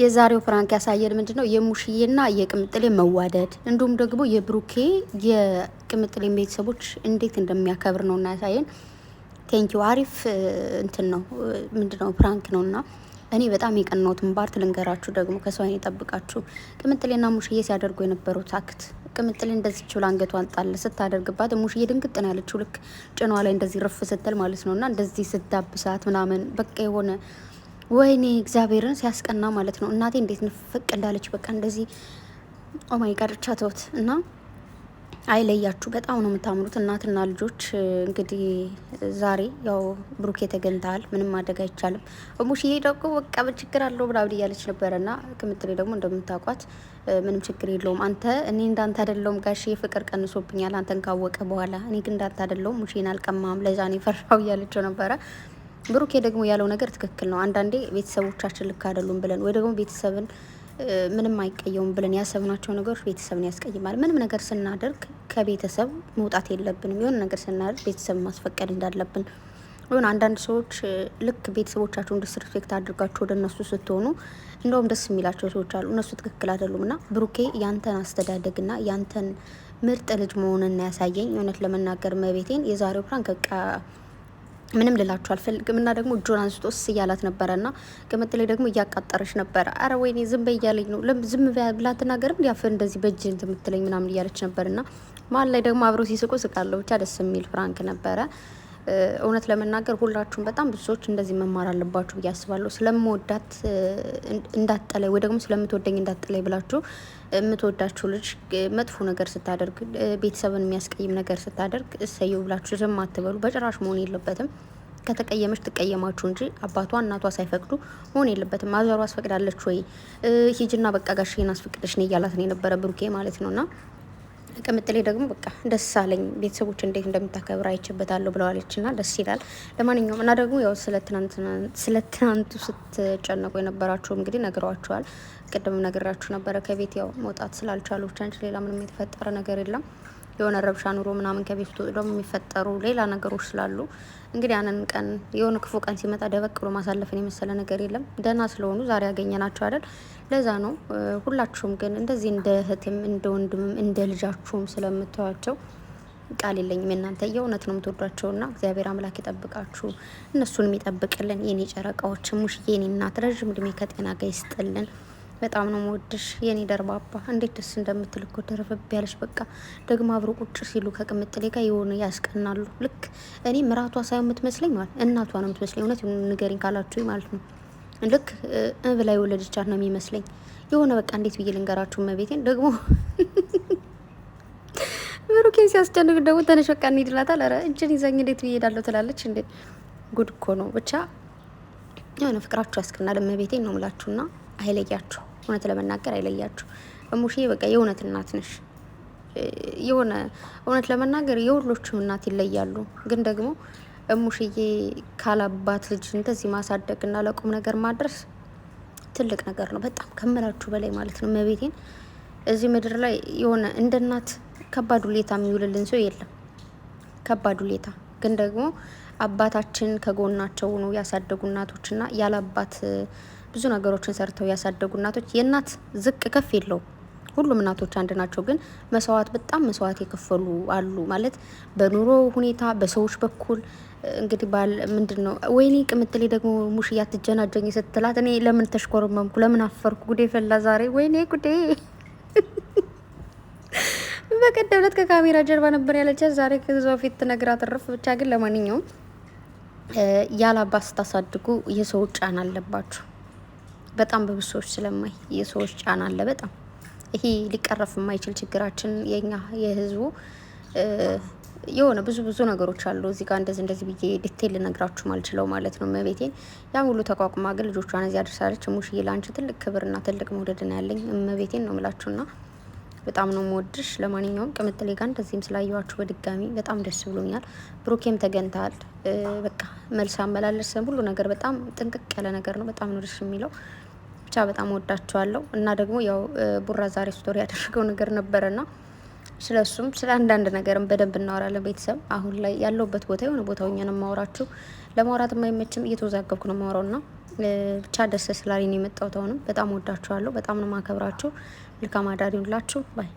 የዛሬው ፕራንክ ያሳየን ምንድን ነው የሙሽዬና የቅምጥሌ መዋደድ እንዲሁም ደግሞ የብሩኬ የቅምጥሌ ቤተሰቦች እንዴት እንደሚያከብር ነው እና ያሳየን። ቴንኪው አሪፍ እንትን ነው ምንድን ነው ፕራንክ ነው እና እኔ በጣም የቀናሁትን ባርት ልንገራችሁ። ደግሞ ከሰው አይን ይጠብቃችሁ። ቅምጥሌና ሙሽዬ ሲያደርጉ የነበሩት አክት ቅምጥሌ እንደዚህ ችላ አንገቷን ጣል ስታደርግባት ሙሽዬ ድንግጥ ነው ያለችው። ልክ ጭኗ ላይ እንደዚህ ርፍ ስትል ማለት ነው እና እንደዚህ ስዳብሳት ምናምን በቃ የሆነ ወይኔ እግዚአብሔርን ሲያስቀና ማለት ነው። እናቴ እንዴት ንፍቅ እንዳለች በቃ እንደዚህ ኦማይ ብቻ ተውት እና አይለያችሁ። በጣም ነው የምታምሩት እናትና ልጆች። እንግዲህ ዛሬ ያው ብሩኬ ተገኝተሃል፣ ምንም ማድረግ አይቻልም። እሙሽዬ ደግሞ በቃ ችግር አለው ብላ እያለች ነበረና ቅምጥሌ ደግሞ እንደምታውቋት ምንም ችግር የለውም አንተ እኔ እንዳንተ አደለውም ጋሽ ፍቅር ቀንሶብኛል አንተን ካወቀ በኋላ እኔ ግን እንዳንተ አደለውም ሙሽን አልቀማም ለዛ ነው የፈራው እያለችው ነበረ። ብሩኬ ደግሞ ያለው ነገር ትክክል ነው። አንዳንዴ ቤተሰቦቻችን ልክ አይደሉም ብለን ወይ ደግሞ ቤተሰብን ምንም አይቀየውም ብለን ያሰብናቸው ነገሮች ቤተሰብን ያስቀይማል። ምንም ነገር ስናደርግ ከቤተሰብ መውጣት የለብንም። የሆነ ነገር ስናደርግ ቤተሰብ ማስፈቀድ እንዳለብን ሆን አንዳንድ ሰዎች ልክ ቤተሰቦቻቸውን ዲስሪስፔክት አድርጋቸው ወደ እነሱ ስትሆኑ እንደውም ደስ የሚላቸው ሰዎች አሉ። እነሱ ትክክል አይደሉም። እና ብሩኬ ያንተን አስተዳደግ ና ያንተን ምርጥ ልጅ መሆንና ያሳየኝ እውነት ለመናገር መቤቴን የዛሬው ፕራንክ ምንም ልላችሁ አልፈልግም። እና ደግሞ እጆን አንስቶ ስ እያላት ነበረ እና ቅምጥ ላይ ደግሞ እያቃጠረች ነበረ። አረ ወይኔ ዝም በይ እያለኝ ነው ዝም ብላትናገርም ትናገርም እንደዚህ በእጅ እንትን የምትለኝ ምናምን እያለች ነበር። እና መሀል ላይ ደግሞ አብሮ ሲስቁ ስቃለሁ ብቻ ደስ የሚል ፍራንክ ነበረ። እውነት ለመናገር ሁላችሁም በጣም ብዙ ሰዎች እንደዚህ መማር አለባችሁ ብዬ አስባለሁ። ስለምወዳት እንዳጠላይ ወይ ደግሞ ስለምትወደኝ እንዳጠላይ ብላችሁ የምትወዳችሁ ልጅ መጥፎ ነገር ስታደርግ፣ ቤተሰብን የሚያስቀይም ነገር ስታደርግ እሰየው ብላችሁ ዝም አትበሉ። በጭራሽ መሆን የለበትም። ከተቀየመች ትቀየማችሁ እንጂ አባቷ እናቷ ሳይፈቅዱ መሆን የለበትም። ማዘሯ አስፈቅዳለች ወይ ሂጅና በቃ ጋሽን አስፈቅደሽ ነው እያላት ነው የነበረ ብሩኬ ማለት ነውና ቅምጥሌ ደግሞ በቃ ደስ አለኝ ቤተሰቦች እንዴት እንደምታከብር አይችበታለሁ ብለዋለች እና ደስ ይላል። ለማንኛውም እና ደግሞ ያው ስለ ትናንቱ ስትጨነቁ የነበራችሁ እንግዲህ ነግሯችኋል። ቅድም ነግራችሁ ነበረ። ከቤት ያው መውጣት ስላልቻሉ ብቻ እንጂ ሌላ ምንም የተፈጠረ ነገር የለም። የሆነ ረብሻ ኑሮ ምናምን ከቤት ውስጥ ደግሞ የሚፈጠሩ ሌላ ነገሮች ስላሉ እንግዲህ ያንን ቀን የሆነ ክፉ ቀን ሲመጣ ደበቅ ብሎ ማሳለፍን የመሰለ ነገር የለም። ደህና ስለሆኑ ዛሬ ያገኘናቸው አይደል? ለዛ ነው። ሁላችሁም ግን እንደዚህ እንደ እህትም እንደ ወንድምም እንደ ልጃችሁም ስለምታዩቸው ቃል የለኝም። እናንተ የእውነት ነው የምትወዷቸውና እግዚአብሔር አምላክ ይጠብቃችሁ፣ እነሱንም ይጠብቅልን። የኔ ጨረቃዎች ሙሽዬ፣ የኔ እናት ረዥም እድሜ ከጤና ጋር ይስጥልን። በጣም ነው መወድሽ የኔ ደርባባ። እንዴት ደስ እንደምትል እኮ ደረበብ ያለሽ። በቃ ደግሞ አብሮ ቁጭ ሲሉ ከቅምጥሌ ጋር የሆነ ያስቀናሉ። ልክ እኔ ምራቷ ሳይሆን የምትመስለኝ ማለት እናቷ ነው የምትመስለኝ። እውነት ንገሪኝ ካላችሁ ማለት ነው። ልክ እብላ የወለደቻት ነው የሚመስለኝ። የሆነ በቃ እንዴት ብዬ ልንገራችሁ መቤቴን ደግሞ ብሩኬን ሲያስጨንቅ ደግሞ ተነሽ በቃ እንሂድ እላታል። ኧረ እጅን ይዛኝ እንዴት ብዬ እሄዳለሁ ትላለች። እንዴ ጉድ እኮ ነው። ብቻ የሆነ ፍቅራችሁ ያስቀናል። መቤቴን ነው ምላችሁና አይለያችሁ። እውነት ለመናገር አይለያችሁ። እሙሽዬ በቃ የእውነት እናት ነሽ። የሆነ እውነት ለመናገር የሁሎችም እናት ይለያሉ። ግን ደግሞ እሙሽዬ ካላባት ልጅ እንደዚህ ማሳደግና ለቁም ነገር ማድረስ ትልቅ ነገር ነው። በጣም ከምላችሁ በላይ ማለት ነው። መቤቴን እዚህ ምድር ላይ የሆነ እንደ እናት ከባድ ሁሌታ የሚውልልን ሰው የለም። ከባድ ሁሌታ። ግን ደግሞ አባታችን ከጎናቸው ነው ያሳደጉ እናቶችና ያለ አባት ብዙ ነገሮችን ሰርተው ያሳደጉ እናቶች የእናት ዝቅ ከፍ የለው። ሁሉም እናቶች አንድ ናቸው። ግን መስዋዕት በጣም መስዋዕት የከፈሉ አሉ ማለት በኑሮ ሁኔታ በሰዎች በኩል እንግዲህ ባል ምንድን ነው ወይኔ ቅምጥሌ ደግሞ ሙሽ እያትጀናጀኝ ስትላት እኔ ለምን ተሽኮረመምኩ? ለምን አፈርኩ? ጉዴ ፈላ ዛሬ። ወይኔ ጉዴ በቀደም ዕለት ከካሜራ ጀርባ ነበር ያለቻት። ዛሬ ከዛ በፊት ትነግራ ትርፍ። ብቻ ግን ለማንኛውም ያላባት ስታሳድጉ የሰዎች ጫና አለባችሁ። በጣም በብዙ ሰዎች ስለማይ የሰዎች ጫና አለ። በጣም ይሄ ሊቀረፍ የማይችል ችግራችን የኛ የህዝቡ የሆነ ብዙ ብዙ ነገሮች አሉ። እዚህ ጋር እንደዚህ እንደዚህ ብዬ ዲቴል ልነግራችሁም አልችለው ማለት ነው። እመቤቴን ያ ሁሉ ተቋቁማ ግን ልጆቿን እዚህ አድርሳለች። ሙሽዬ ላንቺ ትልቅ ክብርና ትልቅ መውደድን ያለኝ እመቤቴን ነው ምላችሁና በጣም ነው የምወድሽ። ለማንኛውም ቅምጥሌ ጋር እንደዚህም ስላየዋችሁ በድጋሚ በጣም ደስ ብሎኛል። ብሩኬም ተገንታል። በቃ መልስ አመላለስ ሁሉ ነገር በጣም ጥንቅቅ ያለ ነገር ነው። በጣም ነው ደስ የሚለው። ብቻ በጣም ወዳችኋለሁ። እና ደግሞ ያው ቡራ ዛሬ ስቶሪ ያደረገው ነገር ነበረና ስለ እሱም ስለ አንዳንድ ነገርም በደንብ እናወራለን። ቤተሰብ አሁን ላይ ያለውበት ቦታ የሆነ ቦታው ነው ማውራችሁ ለማውራት የማይመችም እየተወዛገብኩ ነው ማውራውና ብቻ ደስ ስላለኝ ነው የመጣሁት። አሁንም በጣም ወዳችኋለሁ። በጣም ነው ማከብራችሁ። መልካም አዳሪ ሁላችሁ ባይ